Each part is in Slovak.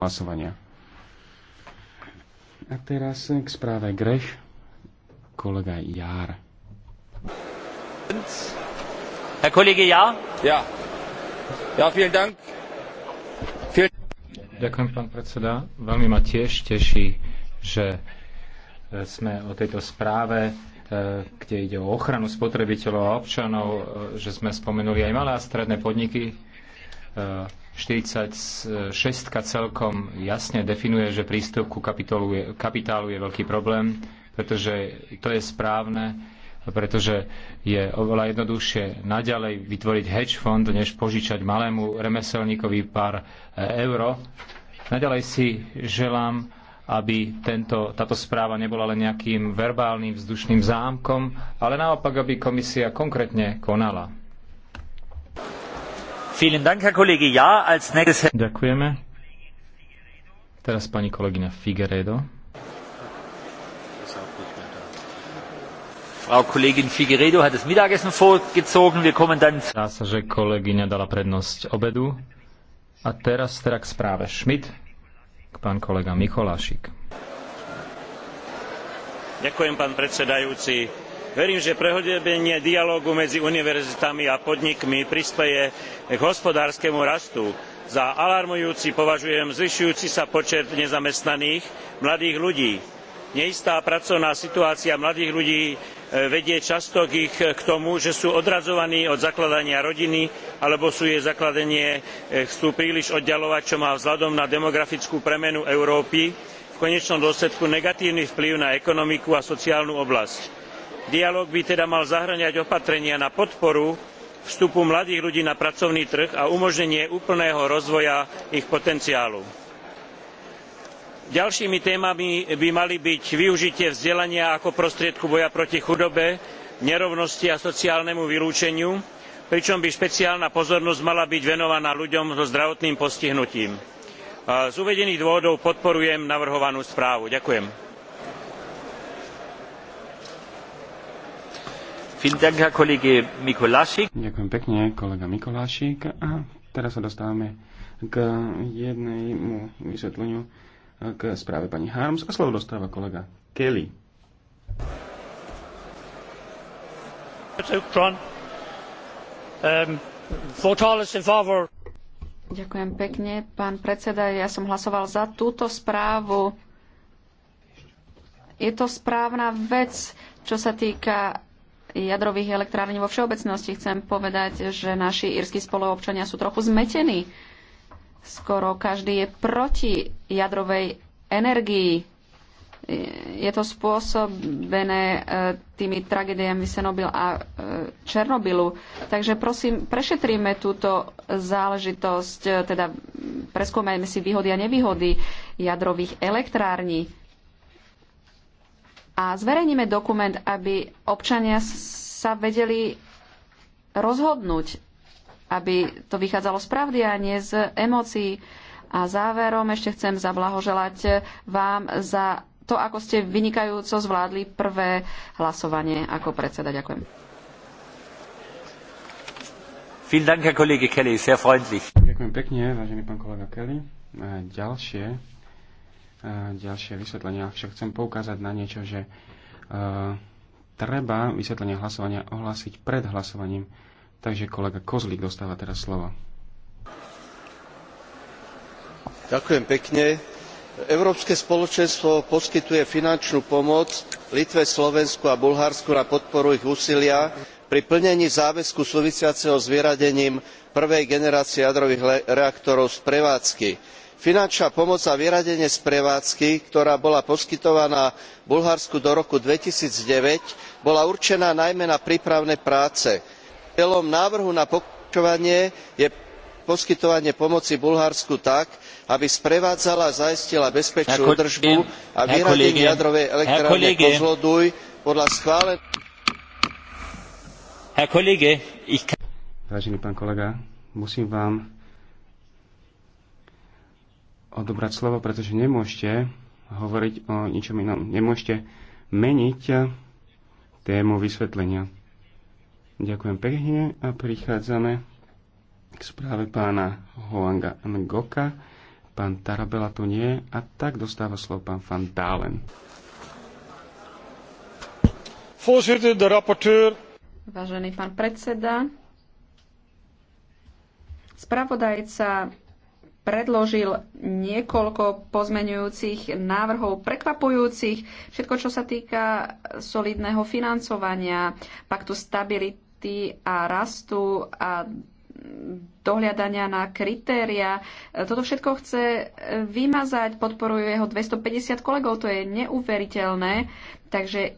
hlasovania. A teraz k správe Greš, kolega Jár. Herr Kollege Jár? Ja. Ja, vielen Dank. Vielen... Ďakujem, pán predseda. Veľmi ma tiež teší, že e, sme o tejto správe, e, kde ide o ochranu spotrebiteľov a občanov, e, že sme spomenuli aj malé a stredné podniky, 46 celkom jasne definuje, že prístup ku kapitálu je, kapitálu je veľký problém, pretože to je správne, pretože je oveľa jednoduchšie naďalej vytvoriť hedge fond, než požičať malému remeselníkovi pár e, euro. Naďalej si želám, aby tento, táto správa nebola len nejakým verbálnym vzdušným zámkom, ale naopak, aby komisia konkrétne konala. Ďakujeme. Teraz pani kolegyňa Figueredo. Frau Kollegin Figueredo hat das Mittagessen vorgezogen. Wir kommen dann Zdá sa, že kolegyňa dala prednosť obedu. A teraz teda k správe Schmidt, k pán kolega Mikolášik. Ďakujem, pán predsedajúci verím že prehĺbenie dialógu medzi univerzitami a podnikmi prispeje k hospodárskemu rastu. za alarmujúci považujem zvyšujúci sa počet nezamestnaných mladých ľudí. neistá pracovná situácia mladých ľudí e, vedie často k, k tomu že sú odradzovaní od zakladania rodiny alebo sú jej zakladanie e, chcú príliš oddaľovať čo má vzhľadom na demografickú premenu európy v konečnom dôsledku negatívny vplyv na ekonomiku a sociálnu oblasť dialóg by teda mal zahŕňať opatrenia na podporu vstupu mladých ľudí na pracovný trh a umožnenie úplného rozvoja ich potenciálu. ďalšími témami by mali byť využitie vzdelania ako prostriedku boja proti chudobe nerovnosti a sociálnemu vylúčeniu pričom by špeciálna pozornosť mala byť venovaná ľuďom so zdravotným postihnutím. z uvedených dôvodov podporujem navrhovanú správu. ďakujem. Ďakujem pekne, kolega Mikolášik. A teraz sa dostávame k jednému vysvetleniu k správe pani Harms a slovo dostáva kolega Kelly. Ehm, Ďakujem pekne, pán predseda. Ja som hlasoval za túto správu. Je to správna vec, čo sa týka jadrových elektrární vo všeobecnosti. Chcem povedať, že naši írsky spoluobčania sú trochu zmetení. Skoro každý je proti jadrovej energii. Je to spôsobené e, tými tragédiami Senobil a e, Černobylu. Takže prosím, prešetríme túto záležitosť, e, teda preskúmajme si výhody a nevýhody jadrových elektrární a zverejníme dokument, aby občania sa vedeli rozhodnúť, aby to vychádzalo z pravdy a nie z emócií. A záverom ešte chcem zablahoželať vám za to, ako ste vynikajúco zvládli prvé hlasovanie ako predseda. Ďakujem. Ďakujem pekne, vážený pán kolega Kelly. Ďalšie ďalšie vysvetlenia. Však chcem poukázať na niečo, že e, treba vysvetlenie hlasovania ohlásiť pred hlasovaním. Takže kolega Kozlík dostáva teraz slovo. Ďakujem pekne. Európske spoločenstvo poskytuje finančnú pomoc Litve, Slovensku a Bulharsku na podporu ich úsilia pri plnení záväzku súvisiaceho s vyradením prvej generácie jadrových reaktorov z prevádzky finančná pomoc za vyradenie z prevádzky ktorá bola poskytovaná bulharsku do roku two thousand and nine bola určená najmä na prípravné práce. cieľom návrhu na pokračovanie je poskytovanie pomoci bulharsku tak aby sprevádzala a zaistila bezpečnú údržbu a vyradenie jadrovej elektrárne kozloduj podľa schváleného odobrať slovo, pretože nemôžete hovoriť o ničom inom. Nemôžete meniť tému vysvetlenia. Ďakujem pekne a prichádzame k správe pána Hoanga Ngoka. Pán Tarabela tu nie a tak dostáva slovo pán Van Dalen. Vážený pán predseda, spravodajca predložil niekoľko pozmenujúcich návrhov, prekvapujúcich, všetko, čo sa týka solidného financovania, paktu stability a rastu a dohľadania na kritéria. Toto všetko chce vymazať, podporuje ho 250 kolegov, to je neuveriteľné. Takže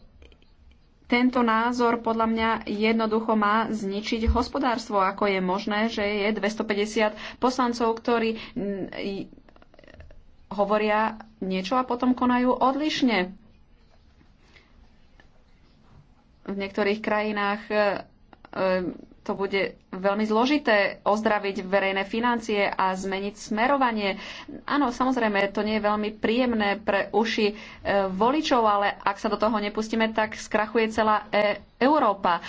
tento názor podľa mňa jednoducho má zničiť hospodárstvo, ako je možné, že je 250 poslancov, ktorí mm, hovoria niečo a potom konajú odlišne. V niektorých krajinách e, to bude veľmi zložité ozdraviť verejné financie a zmeniť smerovanie. Áno, samozrejme, to nie je veľmi príjemné pre uši e, voličov, ale ak sa do toho nepustíme, tak skrachuje celá e- Európa.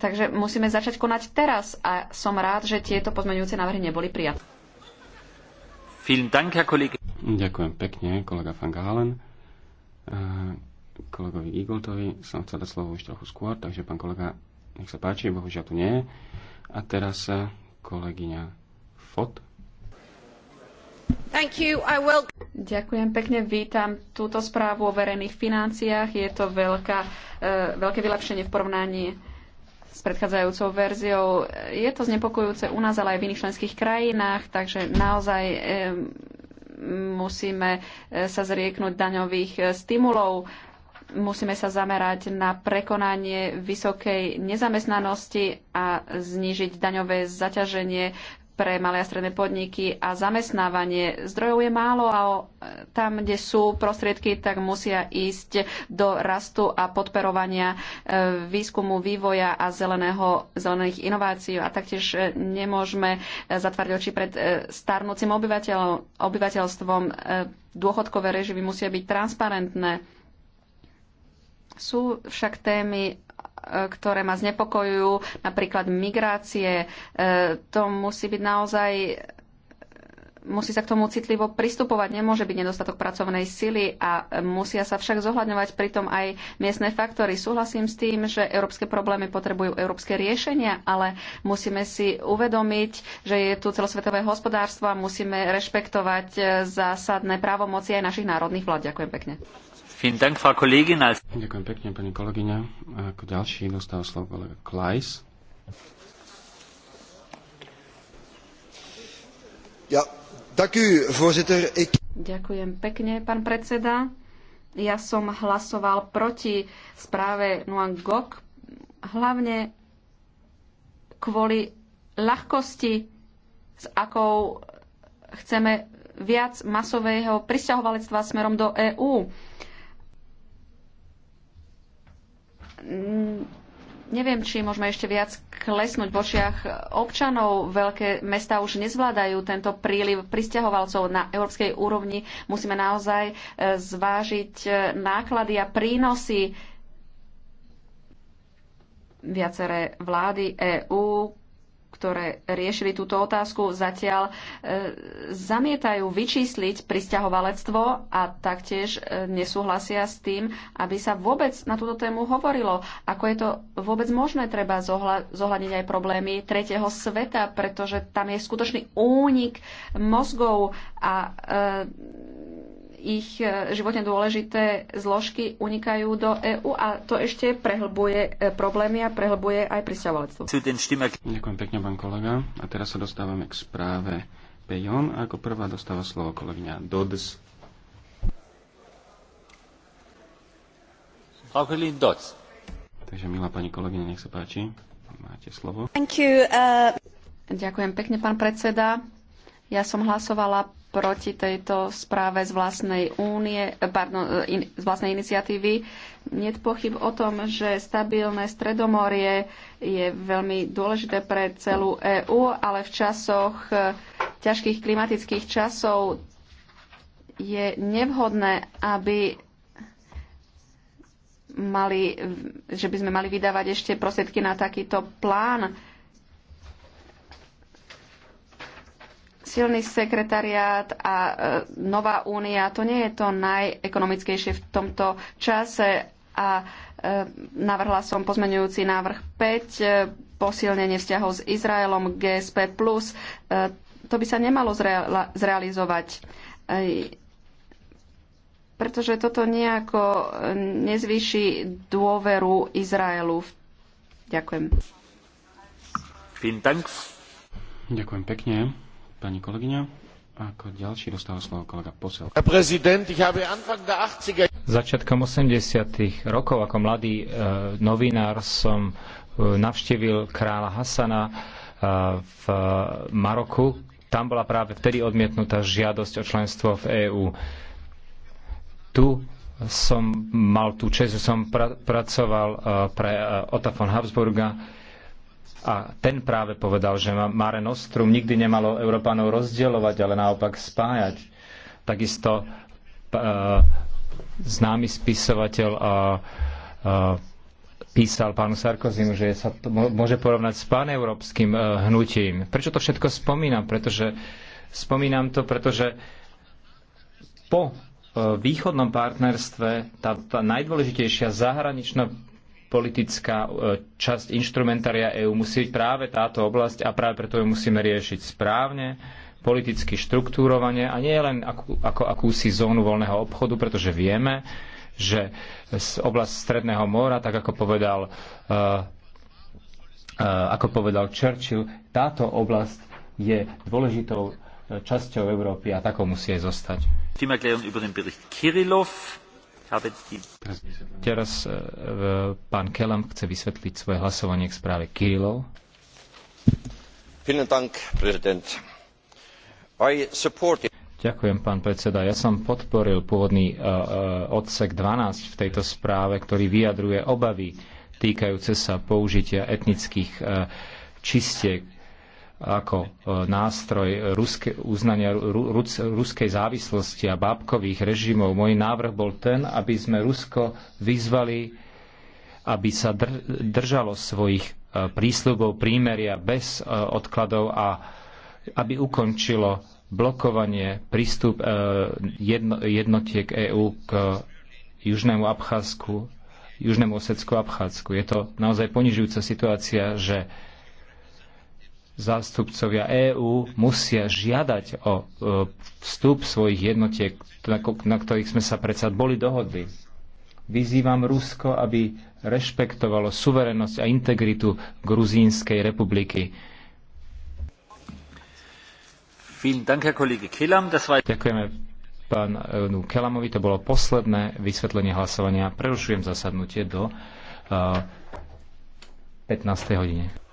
Takže musíme začať konať teraz a som rád, že tieto pozmeňujúce návrhy neboli prijaté. Ďakujem pekne, kolega Van Galen. E, kolegovi Igoltovi som chcel dať slovo už trochu skôr, takže pán kolega nech sa páči, bohužiaľ tu nie. A teraz eh, kolegyňa Fot. Thank you, I will... Ďakujem pekne, vítam túto správu o verejných financiách. Je to veľká, eh, veľké vylepšenie v porovnaní s predchádzajúcou verziou. Je to znepokojúce u nás, ale aj v iných členských krajinách, takže naozaj eh, musíme sa zrieknúť daňových stimulov musíme sa zamerať na prekonanie vysokej nezamestnanosti a znížiť daňové zaťaženie pre malé a stredné podniky a zamestnávanie. Zdrojov je málo a tam, kde sú prostriedky, tak musia ísť do rastu a podperovania e, výskumu, vývoja a zeleného, zelených inovácií. A taktiež e, nemôžeme e, zatvárať oči pred starnúcim obyvateľ, obyvateľstvom. Dôchodkové režimy musia byť transparentné sú však témy, e, ktoré ma znepokojujú, napríklad migrácie. E, to musí byť naozaj musí sa k tomu citlivo pristupovať, nemôže byť nedostatok pracovnej sily a musia sa však zohľadňovať pritom aj miestne faktory. Súhlasím s tým, že európske problémy potrebujú európske riešenia, ale musíme si uvedomiť, že je tu celosvetové hospodárstvo a musíme rešpektovať e, zásadné právomoci aj našich národných vlád. Ďakujem pekne. Ďakujem pekne, pani kolegyňa. A ako ďalší dostal slovo kolega Klajs. Ja, ďakujem, Ik... Ďakujem pekne, pán predseda. Ja som hlasoval proti správe Nuang Gok, hlavne kvôli ľahkosti, s akou chceme viac masového pristahovalectva smerom do EÚ. Mm, neviem, či môžeme ešte viac klesnúť v očiach občanov. Veľké mesta už nezvládajú tento príliv pristahovalcov na európskej úrovni. Musíme naozaj e, zvážiť e, náklady a prínosy. Viaceré vlády EÚ ktoré riešili túto otázku, zatiaľ e, zamietajú vyčísliť pristahovalectvo a taktiež e, nesúhlasia s tým, aby sa vôbec na túto tému hovorilo. Ako je to vôbec možné, treba zohľadniť aj problémy tretieho sveta, pretože tam je skutočný únik mozgov a e, ich e, životne dôležité zložky unikajú do EÚ a to ešte prehlbuje e, problémy a prehlbuje aj pristahovalectvo. Ďakujem pekne, pán kolega. A teraz sa dostávame k správe Pejon. A ako prvá dostáva slovo kolegyňa Dodds. Dodds. Takže milá pani kolegyňa, nech sa páči. Máte slovo. Thank you, uh... Ďakujem pekne, pán predseda. Ja som hlasovala proti tejto správe z vlastnej, únie, pardon, eh, in, z vlastnej iniciatívy. Nie pochyb o tom, že stabilné stredomorie je veľmi dôležité pre celú EÚ, ale v časoch eh, ťažkých klimatických časov je nevhodné, aby mali, že by sme mali vydávať ešte prostriedky na takýto plán silný sekretariát a e, nová únia. To nie je to najekonomickejšie v tomto čase a e, navrhla som pozmenujúci návrh 5, e, posilnenie vzťahov s Izraelom, GSP+. To by sa nemalo zrealizovať pretože toto nejako nezvýši dôveru Izraelu. Ďakujem. Ďakujem pekne. Pani kolegyňa, ako ďalší dostáva slovo kolega Posel. Začiatkom 80. rokov ako mladý e, novinár som e, navštívil kráľa Hasana e, v Maroku. Tam bola práve vtedy odmietnutá žiadosť o členstvo v EÚ. Tu som mal tú čest, že som pra- pracoval e, pre e, Otafon Habsburga a ten práve povedal, že Mare Nostrum nikdy nemalo Európanov rozdielovať, ale naopak spájať. Takisto e, známy spisovateľ a, e, a e, písal pánu Sarkozymu, že sa to môže porovnať s paneurópskym hnutím. Prečo to všetko spomínam? Pretože spomínam to, pretože po východnom partnerstve tá, tá najdôležitejšia zahraničná politická e, časť inštrumentária EÚ musí byť práve táto oblasť a práve preto ju musíme riešiť správne, politicky štruktúrovanie a nie len ako, ako akúsi zónu voľného obchodu, pretože vieme, že oblasť Stredného mora, tak ako povedal, uh, uh, ako povedal Churchill, táto oblasť je dôležitou časťou Európy a takou musí aj zostať. Tým Teraz e, pán Kelam chce vysvetliť svoje hlasovanie k správe Kirilov. Ďakujem, pán predseda. Ja som podporil pôvodný e, e, odsek 12 v tejto správe, ktorý vyjadruje obavy týkajúce sa použitia etnických čistiek ako e, nástroj ruske, uznania ru, ruskej závislosti a bábkových režimov. Môj návrh bol ten, aby sme Rusko vyzvali, aby sa držalo svojich e, prísľubov prímeria bez e, odkladov a aby ukončilo blokovanie prístup jednotiek EÚ k Južnému Abcházsku, Južnému Osecku Abcházsku. Je to naozaj ponižujúca situácia, že zástupcovia EÚ musia žiadať o e, vstup svojich jednotiek, na ktorých sme sa predsa boli dohodli. Vyzývam Rusko, aby rešpektovalo suverenosť a integritu Gruzínskej republiky. Ďakujeme pánu Kelamovi, to bolo posledné vysvetlenie hlasovania. Prerušujem zasadnutie do 15. E, hodine.